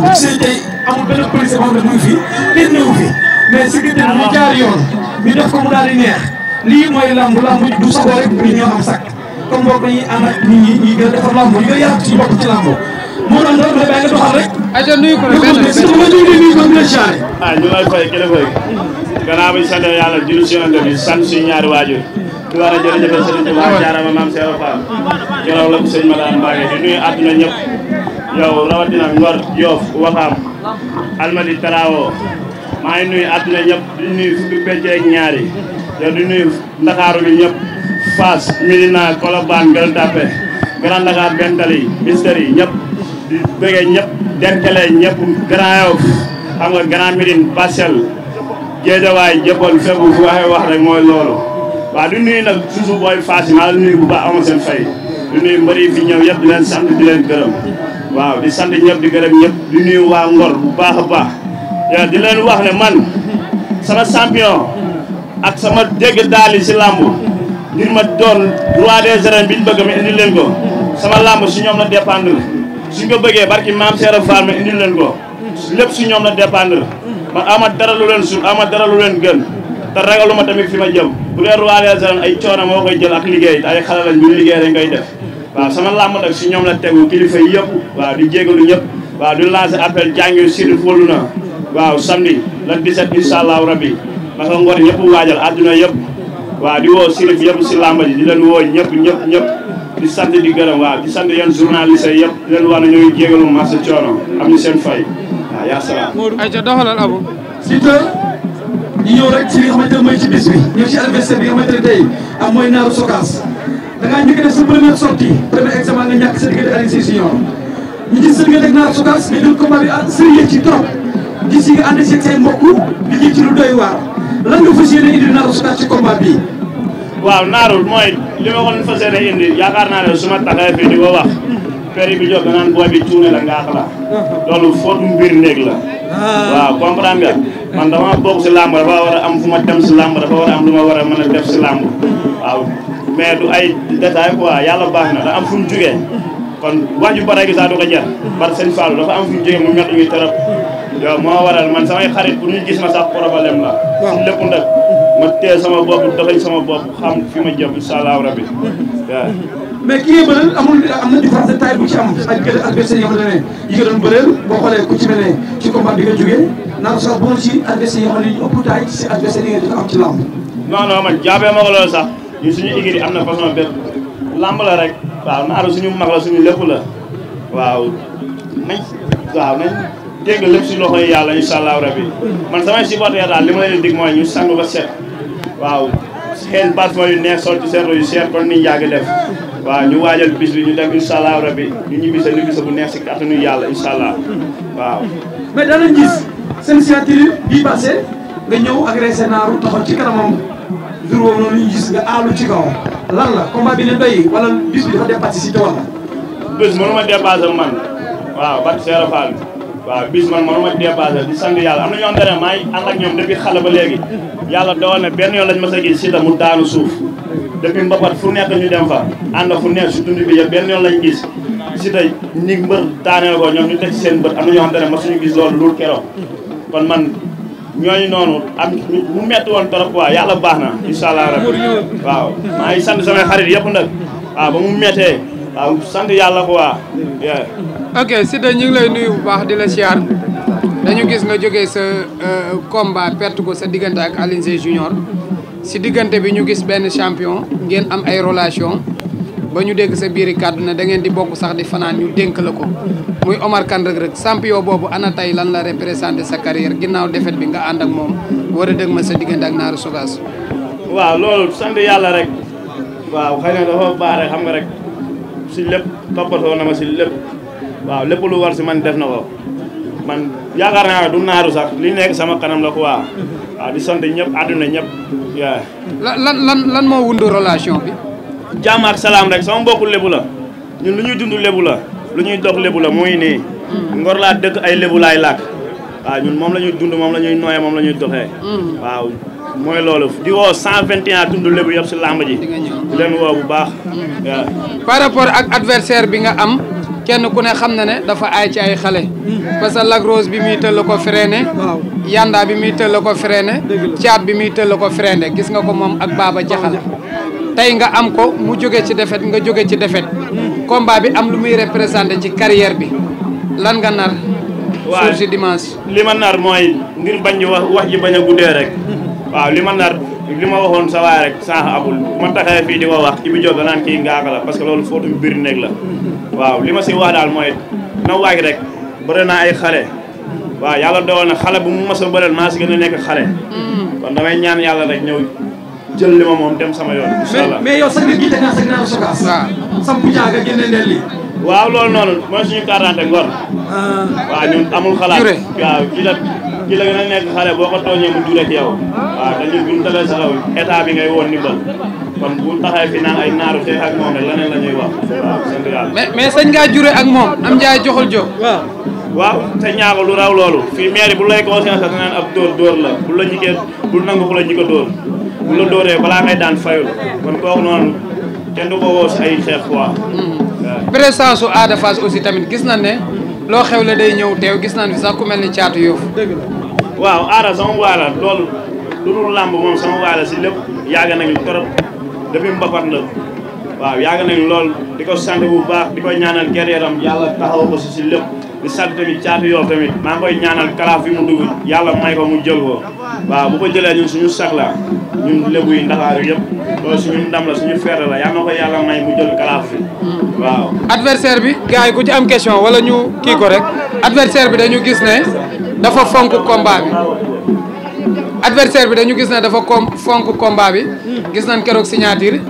boo ko gisee tey amul benn fi kenn newu fi mais sécurité bi ñu jaar yoon ñu def ko mu daal di neex lii mooy lamb lamb du sago rek bi ñoo am sakk comme boog dañuy ànd ak nit ñi ñuy gën a defar lamb ñu a nga doxal rek. ayca nuyu ko rek benn benn si ma ñëw yi gannaaw bi sant yàlla julli si yonent bi sant suñu ñaari waajur di war a jërëjëf sëriñ Tuubaa jaarama maam Seex Faal jërëw la ko sëñ Madaan Mbàkke di nuyu àdduna ñëpp yow rawatina Ngor Yoff Waxaam Almadi Taraawo maa ngi nuyu àdduna di nuyu fukki pecc ñaari yow di nuyu Ndakaaru bi ñëpp Fass Medina Colobane Gueule Tapée Grand Dakar Bène yi ñëpp di bëggee ñëpp Derklé ñëpp Grand Yoff xam nga Grand Médine Parcelles fu waxee wax rek mooy loolu di nuyu nag toujours booy maa la nuyu bu baax amoon di nuyu mbër yi fi di leen sant di leen gërëm waaw di sant ñëpp di gërëm ñëpp di nuyu waa ngor bu baax a baax yaa di leen wax ne ya, man sama champion ak sama dégg daali si làmb ngir ma doon roi des arènes biñ bëgg ma indil leen ko sama làmb si ñoom la dépendre suñ ko bëggee barki maam Seera Fall ma indil leen ko lépp si ñoom la dépendre man ama dara lu leen suuf ama dara lu leen gën te ragaluma tamit fi ma jëm bu dee roi des arènes ay coono moo koy jël ak liggéey ay xalalañ bu ñu liggéey rek ngay def waaw sama làmb nag si ñoom la tegu kilifa yi yëpp di jégalu ñëpp waaw di lancer appel jàngi sud fóolu na waaw samedi la 17 incha allahu rabi naka ngor waajal àdduna yëpp waa di woo sirif yëpp si làmb ji di leen woo ñëpp ñëpp ñëpp di sant di gërëm waaw di sant yéen journaliste yi yëpp di leen wax ne ñooy jégalu marché coono am ñu seen fay waaw yaa salaam ay ca doxalal ñu ci bis bi ñëw ci am mooy naaru sokaas dengan ngaa ada def sa sorti sortie yang sama nga ñàkk sedikit diggante Aliou Cissé Junior ñu gis sa diggante ak yang Sogas nga jël combat bi yang sérieux ci trop gis yi yang ànd si ak suka mbokk liggéey ci lu doy waar lan nga indi Naar Sogas ci combat bi waaw di ko wax peri bi dengan buah booy bi cuune la ngaax la loolu footu mbir néeg la waaw comprendre nga man dama bokk si làmb dafa war a am fu dem dafa am def mais du ay détail quoi yàlla baax na da am fu mu jugee kon waaju bara gi saa du ko jar parce que sëñ Fallou dafa am fu mu jugee mu métti ñu trop yow moo waral man samay xarit bu ñu gis ma sax problème la si lépp nag ma tee sama bopp doxañ sama bopp xam fi ma jëm incha rabbi waaw mais ki ngay amul am na différence de taille bu ci am ak gën ne yi nga doon bëreel boo xoolee ku ci mel ci combat bi nga jógee naan sax bu ci adversaire ñun suñu écurie am na façon bépp làmb la rek waaw naaru suñu mag la suñu lépp la waaw si yàlla incha allahu rabi man samay supporter ma leen dig mooy ñu sangu ba set waaw xeeñ basement yu neex sol ci seen yu cher kon niñu ñu waajal bi ñu ñu ñibbi sa ñibbi sa bu neex si kàttanu yàlla incha allah waaw. mais danañ bii passé nga ñëw agressé naaru taxaw ci kanamam. jur boobu noonu ñu gis nga aalu ci kaw lan la combat bi ne doy wala bis bi dafa dépassé si tool la. bis mënuma dépassé man waaw bat seera Fall waaw bis man mënuma di sant yàlla am na ñoo xam ne maa ngi ànd ak ñoom depuis xale ba léegi yàlla dogal benn yoon lañ ma sa si mu daanu suuf depuis mbapat fu nekk ñu dem fa ànd fu nekk si dund bi yëpp benn yoon lañ gis si tey ñi mbër daaneel ko ñoom ñu teg seen bët am na ñoo xam ne ma suñu gis ñooñu noonu am mu metti woon trop waaw yàlla baax na incha allah rabbi waaw maa ngi sant samay xarit yëpp nag waaw ba mu mettee waaw sant yàlla ko waa ok Siteu ñu lay nuyu bu di la siyaar dañu gis nga jógee sa euh, combat perte ko sa diggante ak Alioune Sèye Junior si diggante bi ñu gis benn champion ngeen am ay relation ba ñu dégg sa biiri kàddu ne da ngeen di bokk sax di fanaan ñu dénk la ko muy Omar kan Reug Reug champion boobu ana tey lan la représenté sa carrière ginnaaw défaite bi nga ànd ak moom war a dëgg ma sa diggante ak Naaru Sogas. waaw loolu sant yàlla rek waaw xëy na dafa baax rek xam nga rek si lépp toppatoo na ma si lépp waaw lépp lu war si man def na ko man yaakaar naa du naaru sax li nekk sama kanam la ko waaw di sant ñëpp àdduna ya. lan lan lan moo wundu relation bi. jàmm ak salaam rek sama mbokku lébu ñun lu ñuy dund lébu lu ñuy dox lébu la muy nii. ngor laa dëkk ay lébu laay làkk waaw ñun moom la ñuy dund moom la ñuy nooyee moom la ñuy doxee. Mm. waaw mooy loolu di vingt 121 tund lébu yëpp si làmb ji. woo bu baax. Mm. par rapport ak adversaire bi nga am. kenn ku ne xam ne ne dafa aay ci ay xale parce que Lac bi muy tëll ko freiné Yanda bi muy tëll ko freiné Thiat bi muy tëll ko freiné gis nga ko moom ak Baba Jaxal tey nga am ko mu jóge ci defet nga jóge ci défaite combat bi am lu muy représenté ci carrière bi lan nga nar. waaw suuf li ma nar mooy ngir bañ wax wax ji bañ a guddee rek. waaw li ma nar li ma waxoon sa waay rek sànq abul ma taxee fii di ko wax ci bi jóg naan kii ngaaka la parce que loolu footu biir néeg la. waaw li ma si wax daal mooy na waaj rek bëri naa ay xale. waaw yàlla dogal na xale bu mu mos a bëreel maa si gën a nekk xale. Mm. kon damay ñaan yàlla rek ñëw. jël li ma moom dem sama yoon. incha allah mais mais sa sa naaw sokaas. waaw sam bu jaaga génne ndel li. waaw loolu noonu mooy suñu quarante ngor. Ah. waaw ñun amul xalaat. jure kii la kii gën a nekk xale boo ko tooñee mu jure ak yow. waaw te ñun bu ñu dalee sa raw état bi ngay woon ndimbal kon bu taxee fi naan ay naaru te ak moom rek leneen la ñuy wax. waaw sant yàlla. mais mais sañ ngaa jure ak moom am njaay joxul jox waaw. waaw te ñaago lu raw loolu. fi maire bu lay conscience ak naan ab dóor dóor la bu la ñu bu nangu ko la ñu ko dóor. bu la dóoree balaa ngay daan fayul kon kooku noonu kenn du ko woo si ay xeex quoi. Hmm. waaw présence su Ada Fass aussi tamit gis na ne loo xew la day ñëw teew gis nañ fi sax ku mel ni caatu yoofu. waaw Ada sama waay la loolu lu dul làmb moom sama waay la si lépp yàgg nañu trop depuis mbapat la waaw yàgg nañu lool di ko sant bu baax di ko ñaanal carrière am yàlla taxaw ko si si lépp di sant tamit caatu yoof tamit maa ngi ñaanal kalaaf fi mu dugg yàlla may ko mu jël ko waaw la ñun lébu yi Ndakaaru yëpp loolu suñu ndam la suñu feere la yal na ko yàlla may mu jël kalaaf hmm. fi adversaire bi gars ku ci am question wala ñu kii rek adversaire bi dañu gis ne dafa fonk combat bi dañu gis ne dafa kom fonk bi gis nañ keroog signature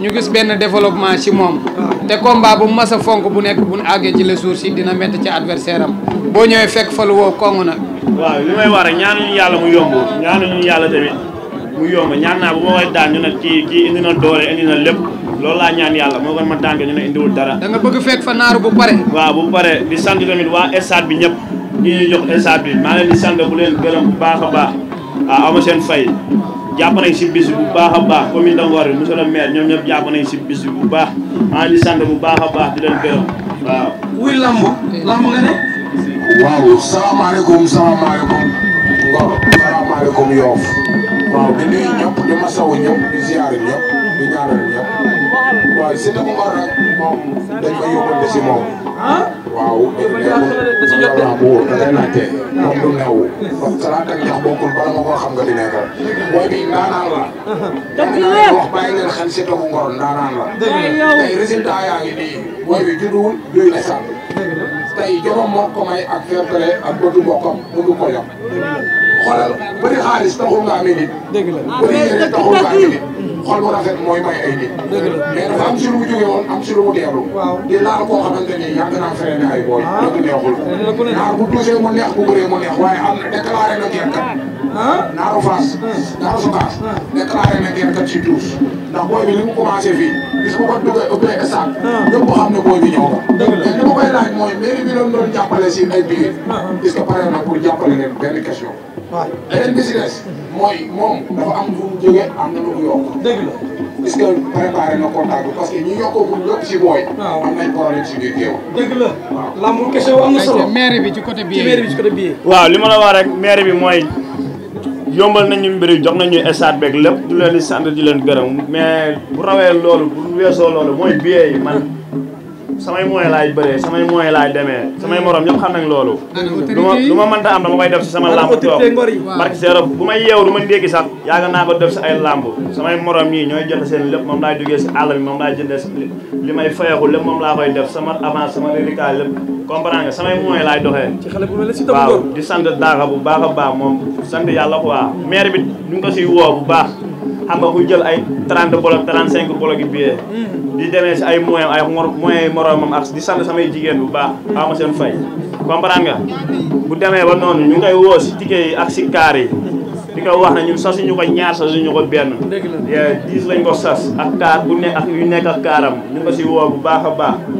ñu gis benn développement ci moom. te combat bu mas fonk bu nekk bu àggee ci les jours yi dina métti ci adversaire am boo ñëwee fekk fa lu woo koŋŋ nag. waaw li may wax rek ñaanuñu yàlla mu yomb ñaanuñu yàlla tamit. mu yomb ñaan naa bu ma koy daan ñu ne kii kii indi na doole indi na lépp loolu laa ñaan yàlla moo gën ma daan ko ñu ne indiwul dara. da nga bëgg fekk fa naaru bu pare. waaw bu pare di sant tamit waa stade bi ñëpp ñi ñuy jox stade bi maa leen di sant bu leen gërëm bu baax a baax a ah, ama seen fay jàpp nañ si bis bu baax a baax commune de Ngor bi monsieur le ñoom ñëpp jàpp nañ si bis bu baax maa leen di sant bu baax a baax di leen gërëm waaw. wuy lamb lamb nga ne. waaw salaamaaleykum waaw di nuyu ñëpp di masawu ñëpp di ziare ñëpp di ñaanal ñëpp waaw si si moom. Ah? waaw dégg nga yow bu wóor da ngay du neew. xam nga di nekkal. booy bi naanaan la. dëgg la wax bàyyi tey résultat yaa ngi nii booy bi ak fair play ak bëtu bokkam ko yam. xoolal bëri xaalis taxul nga amee bi dëgg la bëri yéene ah, taxul nga amee nit. xol bu mooy may ay nit. dëgg la mais dafa am si ay booy. Ah. dëgg neexul. naar bu tuusee ah. faas. naaru sukaas. déclaré na gerte ci tuus. ndax booy bi li mu commencé fii gis nga ko duggee ëppee saak. xam ne booy bi ñëw ko. dëgg la mais li ma koy laaj mooy mairie bi doon doon jàppale si ay biir. est-ce que pare na pour jàppale leen benn question. leneen que la waaw bi ci côté bi bi waaw li ma la wax rek maire bi mooy yombal nañu mbir yi jox nañu stade beeg lépp du leen di di leen gërëm mais bu rawee loolu bu weesoo loolu mooy billet man. samay moyens laay bëree samay moyens laay demee samay morom ñëpp xam nañ loolu lu ma lu ma mënta am dama koy def si sama làmb toog barki seero bu may yeew du ma ndéegi sax yaaga naa ko def si ay làmb samay morom ñii ñooy jot seen lépp moom laay duggee si àll bi moom laay jëndee si li may fayeeku lépp moom laa koy def sama avance sama radical lépp comprendre nga samay moyens laay doxee waaw di sant daaxa bu baax a baax moom sant yàlla quoi maire bi ñu ngi ko siy woo bu baax amba ko jël ay 30 bolok 35 bolok yi billet di démé ci ay moyen ay moyen moromam ak di sant samay jigen bu baax xawma sen fay comprendre nga bu démé ba non ñu ngay wo ci ticket ak ci carré yi di ko wax na ñun sasuñu ko ñaar sasuñu ko ya 10 lañ ko sas ak car bu nekk ak yu nekk ak karam ñu ko ci wo bu baaxa baax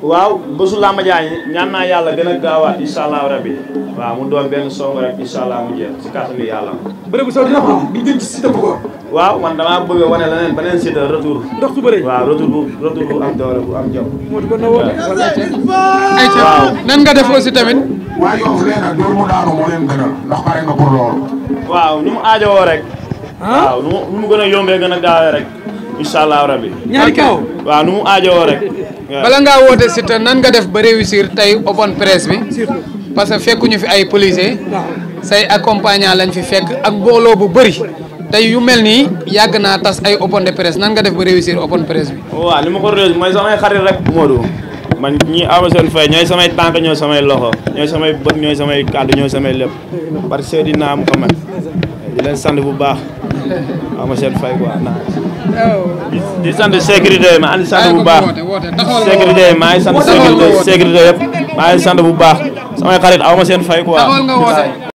waaw la ma jaay ñaan na yalla gëna gawa inshallah rabbi waaw mu doon ben song rek inshallah allah mu jeex si kàttanu yalla bëre bu soo dina ko bi jëm ci Siteu bu ko. waaw man dama bëgg wane leneen benen Siteu retour. ndox su bëre waaw retour bu retour bu am doole bu am jom. moo gën a woo waaw nan nga def aussi tamit. waa yo nee na dóor mu daaru mo leen gënal ndox pare nga pour lool waaw ñu mu aajowoo rek. waaw ñu mu gëna yombé gëna a rek. incha allah rabi. ñaari kaw waaw nu mu aajowoo rek. bala ngaa woote Siteu nan nga def ba réussir tey open presse bi. parce que fekku ñu fi ay policiers. say accompagnant lañ fi fekk ak mbooloo bu bëri. tey yu mel nii yàgg naa tas ay open de presse nan nga def ba réussir open presse bi. waaw li ma ko réussir mooy samay xarit rek. Modou man ñi ama seen fay ñooy samay tànk ñooy samay loxo ñooy samay bët ñooy samay kàddu ñooy samay lépp. parce que dinaa am ko man di leen ama seen fay quoi di sant sécurité yi maa ngi sant bu baax sécurité yi maa ngi sant sécurité sécurité yëpp bu baax samay xarit aw ma seen fay quoi